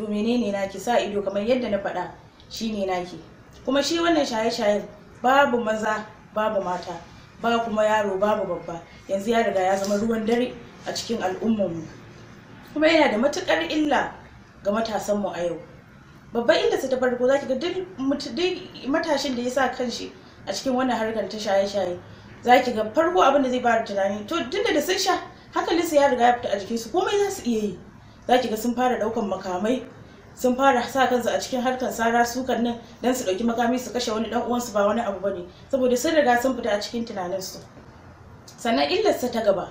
to menene naki sa ido kamar yadda na faɗa shine naki kuma shi wannan shaye shaye babu maza babu mata ba kuma yaro babu babba yanzu ya riga ya zama ruwan dare a cikin mu kuma yana da matukar illa ga matasanmu a yau babban illarsa ta farko za ki ga duk matashin da ya sa kanshi a cikin wannan harkar ta shaye-shaye za ki ga farko abin da zai fara tunani to duk da sun sha hankalinsu ya riga ya fita a jikinsu komai za su iya yi za ki ga sun fara ɗaukan makamai sun fara sa kansu a cikin harkan sara sukan nan dan su ɗauki makami su kashe wani ɗan uwansu ba wani abu bane saboda sun riga sun fita a cikin su sannan illarsa ta gaba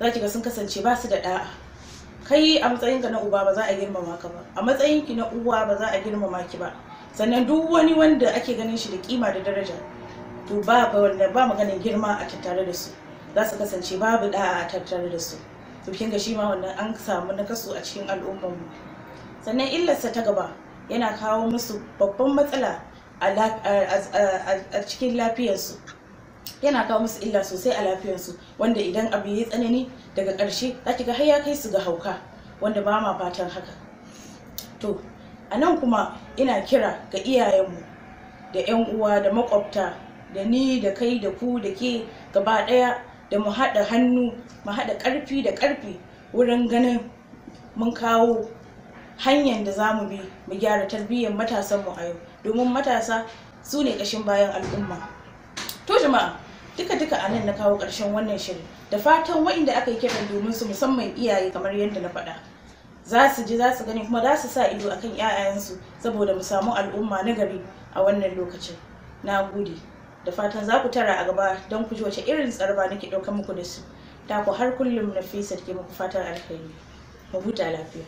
za ki ga sun kasance ba su da ɗa'a kai a matsayinka na uba ba za a girmama ka ba a matsayinki na uwa ba za a girmama ki ba sannan duk wani wanda ake ganin shi da kima da daraja to ba ba maganin girma a tattare da su za su kasance babu da'a a tattare da su to kin ga shi ma wannan an samu nakasu a cikin al'ummar mu sannan illarsa ta gaba yana kawo musu babban matsala a cikin lafiyarsu yana kawo musu illa sosai a lafiyarsu wanda idan abu ya tsanani daga ƙarshe za ki ga har ya kai su ga hauka wanda ba ma fatan haka to a nan kuma ina kira ga iyayenmu da 'yan uwa da makwabta da ni da kai da ku da ke gaba ɗaya da mu haɗa hannu mu haɗa ƙarfi da ƙarfi wurin ganin mun kawo hanyar da za mu bi mu gyara tarbiyyar matasanmu a yau domin matasa su ne ƙashin bayan al'umma to jama'a duka-duka a nan na kawo ƙarshen wannan shirin da fatan waɗanda aka yi kiran domin su musamman iyaye kamar yadda na faɗa za su ji za su gani kuma za su sa ido akan 'ya'yansu saboda mu samu al'umma na gari a wannan lokacin na gode da fatan za ku tara a gaba don ku ji wace irin tsarba nake ɗauka muku da su ta ku har kullum na fesa ke muku fatan alheri mu huta lafiya